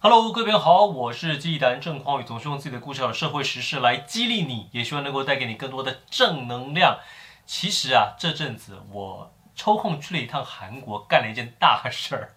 哈嘍，Hello, 各位朋友好，我是激勵達人鄭匡宇，總是用自己的故事和社會時事來激勵你，也希望能夠帶給你更多的正能量。其實啊，這陣子我抽空去了一趟韓國，幹了一件大事兒，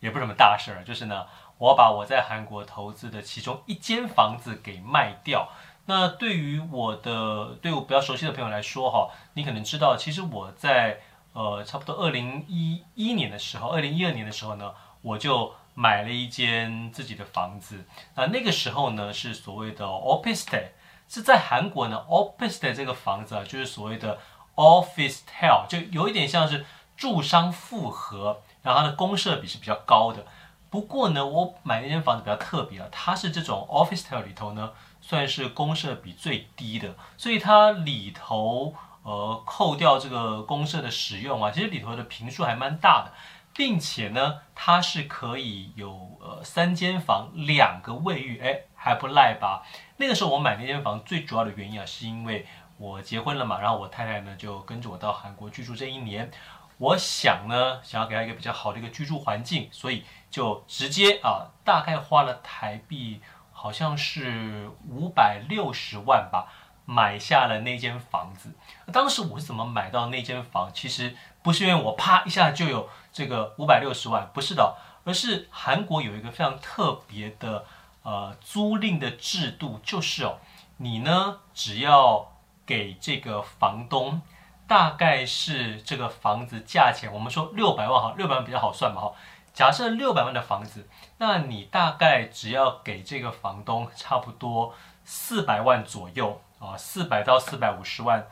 也不是什麼大事兒，就是呢，我把我在韓國投資的其中一間房子給賣掉。那對於我的對我比較熟悉的朋友來說哈、哦，你可能知道，其實我在呃差不多二零一一年的時候，二零一二年的時候呢，我就買了一間自己的房子，那那個時候呢是所謂的 officetel，是在韓國呢 officetel 這個房子啊，就是所謂的 officetel，就有一點像是住商複合，然後它的公設比是比較高的。不過呢，我買那間房子比較特別啊，它是這種 officetel 裡頭呢算是公設比最低的，所以它裡頭呃扣掉這個公設的使用啊，其實裡頭的坪數還蠻大的。並且呢，它是可以有呃三間房，兩個衛浴，哎，還不賴吧？那個時候我買那間房最主要的原因啊，是因為我結婚了嘛，然後我太太呢就跟着我到韓國居住這一年，我想呢想要給她一個比較好的一個居住環境，所以就直接啊大概花了台幣好像是五百六十萬吧。買下了那間房子。當時我是怎麼買到那間房？其實不是因為我啪一下就有這個五百六十萬，不是的，而是韓國有一個非常特別的呃租賃的制度，就是哦，你呢只要給這個房東，大概是這個房子價錢，我們說六百萬哈，六百萬比較好算吧哈。假設六百萬的房子，那你大概只要給這個房東差不多四百萬左右。啊，四百到四百五十萬，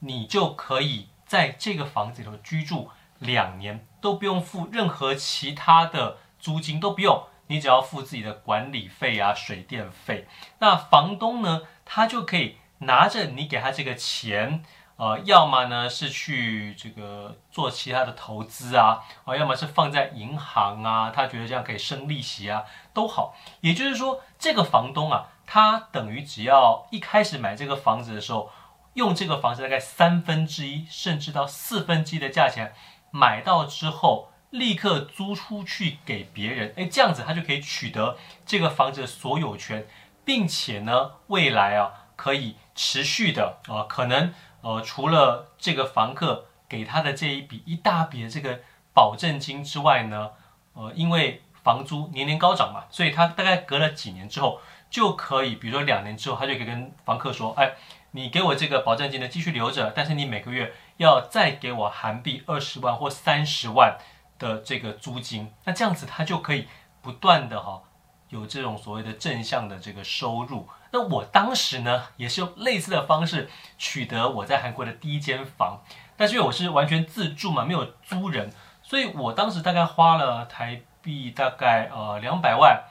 你就可以在這個房子裡頭居住兩年，都不用付任何其他的租金，都不用，你只要付自己的管理費啊、水電費。那房東呢，他就可以拿着你給他這個錢。呃，要麼呢是去這個做其他的投資啊，啊、呃，要麼是放在銀行啊，他覺得這樣可以生利息啊，都好。也就是說，這個房東啊，他等於只要一開始買這個房子的時候，用這個房子大概三分之一甚至到四分之一的價錢買到之後，立刻租出去給別人，誒，這樣子他就可以取得這個房子的所有權，並且呢，未來啊可以持續的啊、呃、可能。呃，除了這個房客給他的這一筆一大筆的這個保證金之外呢，呃，因為房租年年高漲嘛，所以他大概隔了幾年之後，就可以，比如說兩年之後，他就可以跟房客說，哎，你給我這個保證金呢繼續留着，但是你每個月要再給我韓幣二十萬或三十萬的這個租金，那這樣子他就可以不斷的哈、哦。有這種所謂的正向的這個收入，那我當時呢也是用類似的方式取得我在韓國的第一間房，但是因為我是完全自住嘛，沒有租人，所以我當時大概花了台幣大概呃兩百萬，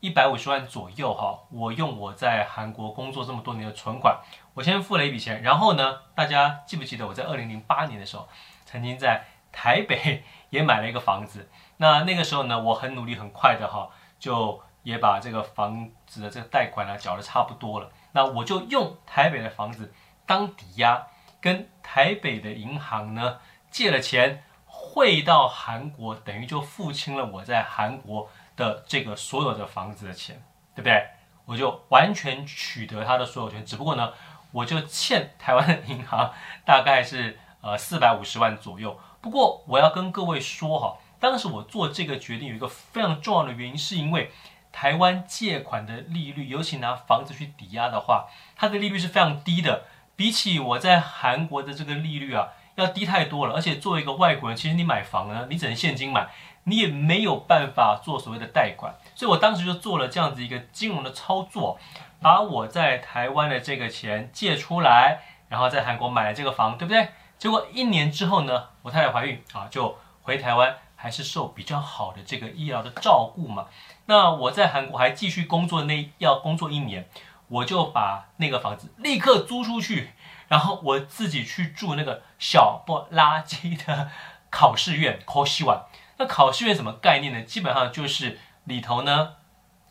一百五十萬左右哈，我用我在韓國工作這麼多年的存款，我先付了一筆錢，然後呢，大家記不記得我在二零零八年的時候曾經在台北也買了一個房子，那那個時候呢，我很努力很快的哈就。也把這個房子的這個貸款呢繳得差不多了，那我就用台北的房子當抵押，跟台北的銀行呢借了錢匯到韓國，等於就付清了我在韓國的這個所有的房子的錢，對不對？我就完全取得它的所有權，只不過呢，我就欠台灣的銀行大概是呃四百五十萬左右。不過我要跟各位說哈，當時我做這個決定有一個非常重要的原因，是因為。台灣借款的利率，尤其拿房子去抵押的話，它的利率是非常低的，比起我在韓國的這個利率啊，要低太多了。而且作為一個外國人，其實你買房呢，你只能現金買，你也沒有辦法做所謂的貸款。所以我當時就做了這樣子一個金融的操作，把我在台灣的這個錢借出來，然後在韓國買了這個房，對不對？結果一年之後呢，我太太懷孕啊，就回台灣，還是受比較好的這個醫療的照顧嘛。那我在韓國還繼續工作那，那要工作一年，我就把那個房子立刻租出去，然後我自己去住那個小不拉幾的考試院考試院。那考試院什麼概念呢？基本上就是裡頭呢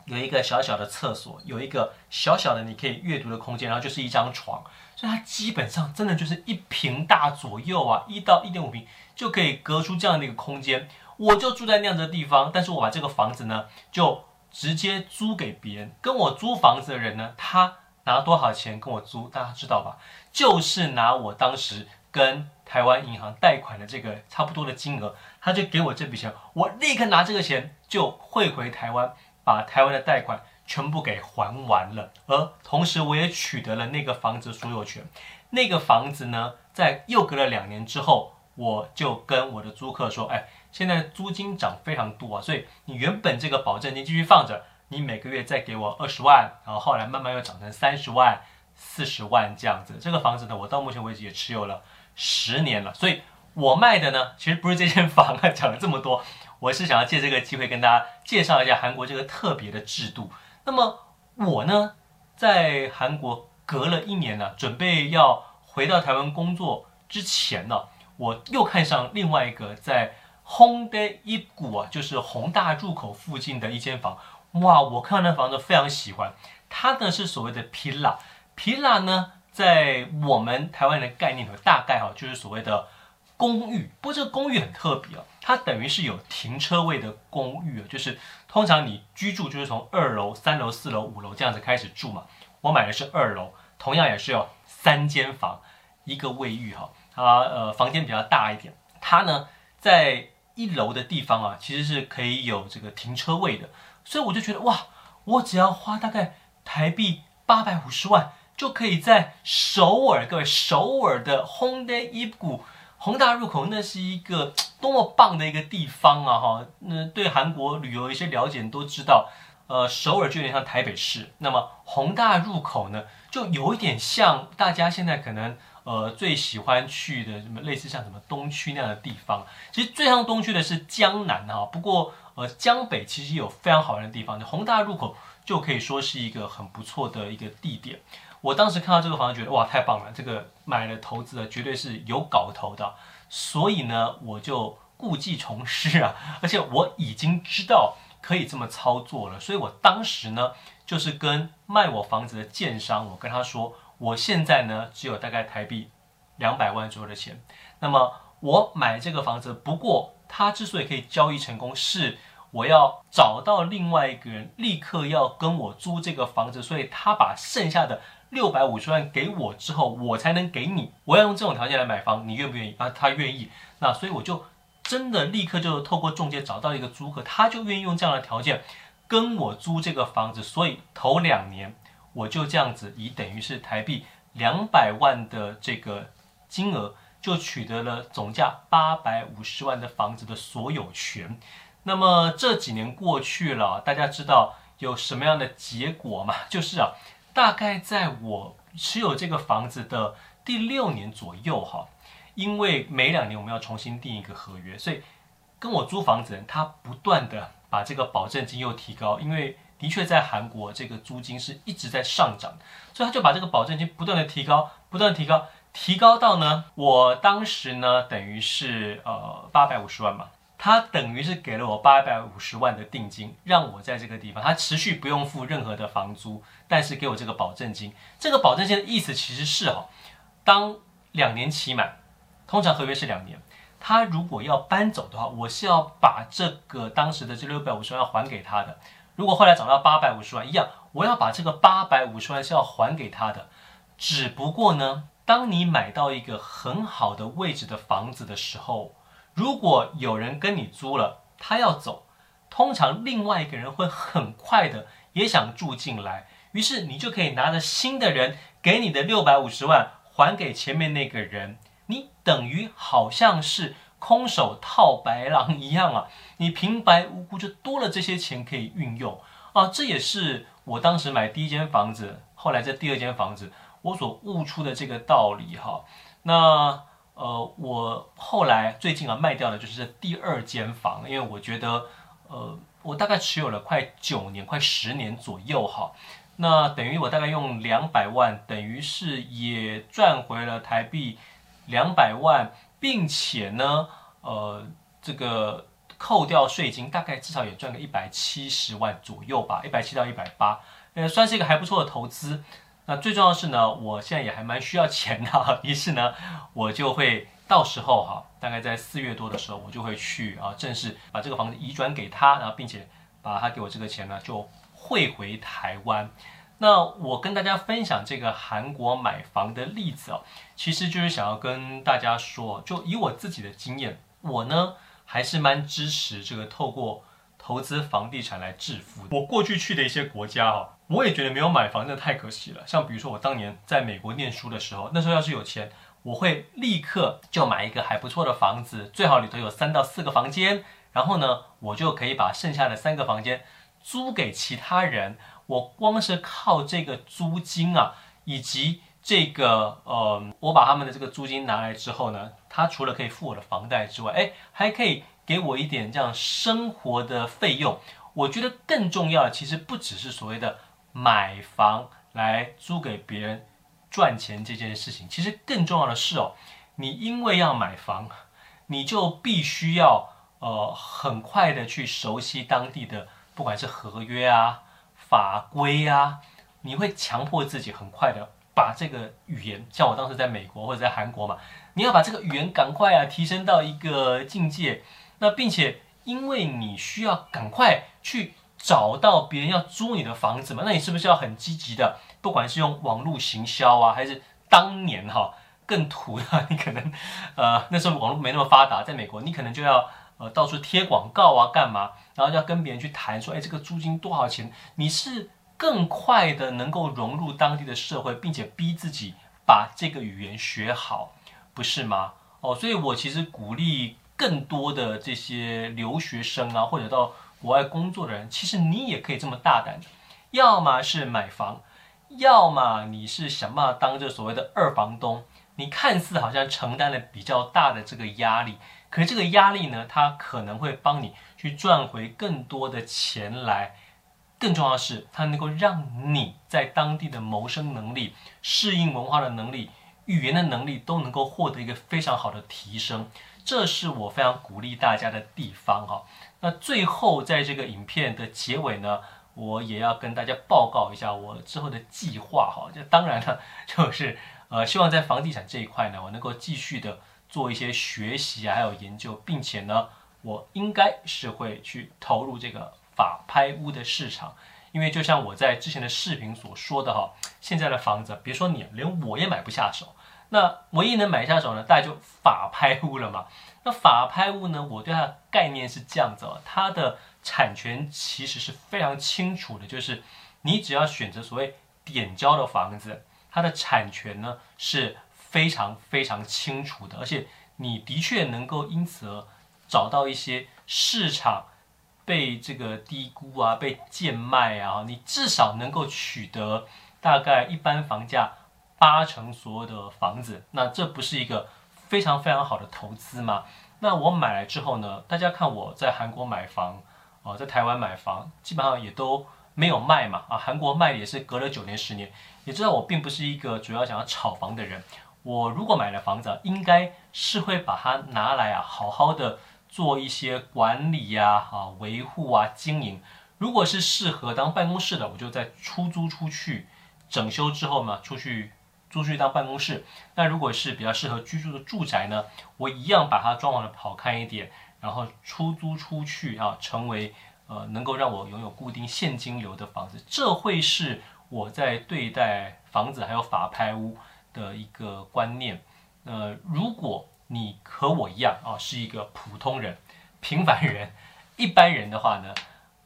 有一個小小的廁所，有一個小小的你可以閱讀的空間，然後就是一張床，所以它基本上真的就是一平大左右啊，一到一點五平就可以隔出這樣的一個空間。我就住在那樣子的地方，但是我把這個房子呢，就直接租給別人。跟我租房子的人呢，他拿多少錢跟我租，大家知道吧？就是拿我當時跟台灣銀行貸款的這個差不多的金額，他就給我這筆錢，我立刻拿這個錢就匯回台灣，把台灣的貸款全部給還完了。而同時，我也取得了那個房子所有權。那個房子呢，在又隔了兩年之後，我就跟我的租客說：“哎。”現在租金漲非常多啊，所以你原本這個保證金繼續放着，你每個月再給我二十萬，然後後來慢慢又漲成三十萬、四十萬這樣子。這個房子呢，我到目前為止也持有了十年了。所以，我賣的呢，其實不是這間房啊，講了這麼多。我是想要借這個機會跟大家介紹一下韓國這個特別的制度。那麼，我呢，在韓國隔了一年呢，準備要回到台灣工作之前呢，我又看上另外一個在。紅的一股啊，就是弘大入口附近的一間房，哇！我看到那房子非常喜歡，它呢是所謂的皮拉皮拉呢，在我們台灣的概念裡，大概哈就是所謂的公寓。不過這個公寓很特別哦、啊，它等於是有停車位的公寓啊，就是通常你居住就是從二樓、三樓、四樓、五樓這樣子開始住嘛。我買的是二樓，同樣也是有三間房，一個衛浴哈，它呃房間比較大一點，它呢在，一樓的地方啊，其實是可以有這個停車位的，所以我就覺得哇，我只要花大概台幣八百五十萬，就可以在首爾，各位首爾的弘大一股，弘大入口，那是一個多麼棒的一個地方啊！哈、哦，那對韓國旅遊一些了解都知道。呃，首爾就有點像台北市，那麼弘大入口呢，就有一點像大家現在可能呃最喜歡去的什麼類似像什麼東區那樣的地方。其實最像東區的是江南啊、哦，不過呃江北其實也有非常好玩的地方，就弘大入口就可以說是一個很不錯的一個地點。我當時看到這個房子，覺得哇太棒了，這個買了投資的絕對是有搞頭的，所以呢我就故伎重施啊，而且我已經知道。可以這麼操作了，所以我當時呢，就是跟賣我房子的建商，我跟他說，我現在呢只有大概台幣兩百萬左右的錢，那麼我買這個房子，不過他之所以可以交易成功，是我要找到另外一個人立刻要跟我租這個房子，所以他把剩下的六百五十萬給我之後，我才能給你，我要用這種條件來買房，你願不願意啊？他願意，那所以我就。真的立刻就透過中介找到一個租客，他就願意用這樣的條件跟我租這個房子，所以頭兩年我就這樣子以等於是台幣兩百萬的這個金額，就取得了總價八百五十萬的房子的所有權。那麼這幾年過去了，大家知道有什麼樣的結果嗎？就是啊，大概在我持有這個房子的第六年左右，哈。因為每兩年我們要重新訂一個合約，所以跟我租房子的人，他不斷的把這個保證金又提高。因為的確在韓國這個租金是一直在上漲，所以他就把這個保證金不斷的提高，不斷地提高，提高到呢，我當時呢等於是呃八百五十萬嘛，他等於是給了我八百五十萬的定金，讓我在這個地方，他持續不用付任何的房租，但是給我這個保證金。這個保證金的意思其實是哈、哦，當兩年期滿。通常合約是兩年，他如果要搬走的話，我是要把這個當時的這六百五十萬還給他的。如果後來漲到八百五十萬，一樣，我要把這個八百五十萬是要還給他的。只不過呢，當你買到一個很好的位置的房子的時候，如果有人跟你租了，他要走，通常另外一個人會很快的也想住進來，於是你就可以拿着新的人給你的六百五十萬還給前面那個人。等於好像是空手套白狼一樣啊！你平白無故就多了這些錢可以運用啊！這也是我當時買第一間房子，後來在第二間房子，我所悟出的這個道理哈。那呃，我後來最近啊，賣掉的就是這第二間房，因為我覺得呃，我大概持有了快九年、快十年左右哈。那等於我大概用兩百萬，等於是也賺回了台幣。兩百萬，並且呢，呃，這個扣掉稅金，大概至少也賺個一百七十萬左右吧，一百七到一百八，180，呃，算是一個還不錯的投資。那最重要的是呢，我現在也還蠻需要錢的，於是呢，我就會到時候哈、啊，大概在四月多的時候，我就會去啊，正式把這個房子移轉給他，然後並且把他給我這個錢呢，就匯回台灣。那我跟大家分享這個韓國買房的例子哦，其實就是想要跟大家說，就以我自己的經驗，我呢還是蠻支持這個透過投資房地產來致富。我過去去的一些國家哈，我也覺得沒有買房真的太可惜了。像比如說我當年在美國念書的時候，那時候要是有錢，我會立刻就買一個還不錯的房子，最好裡頭有三到四個房間，然後呢，我就可以把剩下的三個房間租給其他人。我光是靠這個租金啊，以及這個呃，我把他們的這個租金拿來之後呢，他除了可以付我的房貸之外，誒，還可以給我一點這樣生活的費用。我覺得更重要的其實不只是所謂的買房來租給別人賺錢這件事情，其實更重要的是哦，你因為要買房，你就必須要呃很快的去熟悉當地的，不管是合約啊。法規呀、啊，你會強迫自己很快的把這個語言，像我當時在美國或者在韓國嘛，你要把這個語言趕快啊提升到一個境界，那並且因為你需要趕快去找到別人要租你的房子嘛，那你是不是要很積極的？不管是用網絡行銷啊，還是當年哈、哦、更土的，你可能呃那時候網絡沒那麼發達，在美國你可能就要。呃，到處貼廣告啊，幹嘛？然後要跟別人去談說，哎，這個租金多少錢？你是更快的能夠融入當地的社會，並且逼自己把這個語言學好，不是嗎？哦，所以我其實鼓勵更多的這些留學生啊，或者到國外工作的人，其實你也可以這麼大膽的，要麼是買房，要麼你是想辦法當這所謂的二房東，你看似好像承擔了比較大的這個壓力。可是這個壓力呢，它可能會幫你去賺回更多的錢來，更重要的是，它能夠讓你在當地的謀生能力、適應文化的能力、語言的能力都能夠獲得一個非常好的提升，這是我非常鼓勵大家的地方哈。那最後，在這個影片的結尾呢，我也要跟大家報告一下我之後的計劃哈。這當然呢，就是呃，希望在房地產這一塊呢，我能夠繼續的。做一些學習啊，還有研究，並且呢，我應該是會去投入這個法拍屋的市場，因為就像我在之前的視頻所說的哈，現在的房子，別說你，連我也買不下手。那唯一能買下手呢，大概就法拍屋了嘛。那法拍屋呢，我對它的概念是這樣子哦，它的產權其實是非常清楚的，就是你只要選擇所謂點交的房子，它的產權呢是。非常非常清楚的，而且你的確能夠因此而找到一些市場被這個低估啊、被賤賣啊，你至少能夠取得大概一般房價八成左右的房子，那這不是一個非常非常好的投資嗎？那我買來之後呢，大家看我在韓國買房啊、呃，在台灣買房，基本上也都沒有賣嘛啊，韓國賣也是隔了九年十年，也知道我並不是一個主要想要炒房的人。我如果買了房子，應該是會把它拿來啊，好好的做一些管理呀、啊、啊維護啊、經營。如果是適合當辦公室的，我就再出租出去，整修之後嘛，出去租出去當辦公室。那如果是比較適合居住的住宅呢，我一樣把它裝潢的好看一點，然後出租出去啊，成為呃能夠讓我擁有固定現金流的房子。這會是我在對待房子，還有法拍屋，的一個觀念，呃，如果你和我一樣啊，是一個普通人、平凡人、一般人的話呢，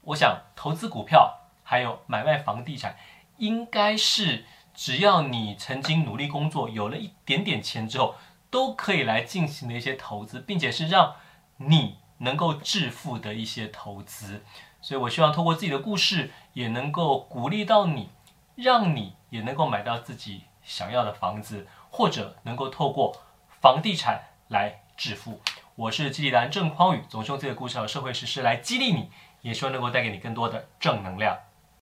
我想投資股票，還有買賣房地產，應該是只要你曾經努力工作，有了一點點錢之後，都可以來進行的一些投資，並且是讓你能夠致富的一些投資。所以，我希望透過自己的故事，也能夠鼓勵到你，讓你也能夠買到自己。想要的房子，或者能夠透過房地產來致富。我是激勵達人鄭匡宇，總是用自己的故事和社會時事來激勵你，也希望能夠帶給你更多的正能量。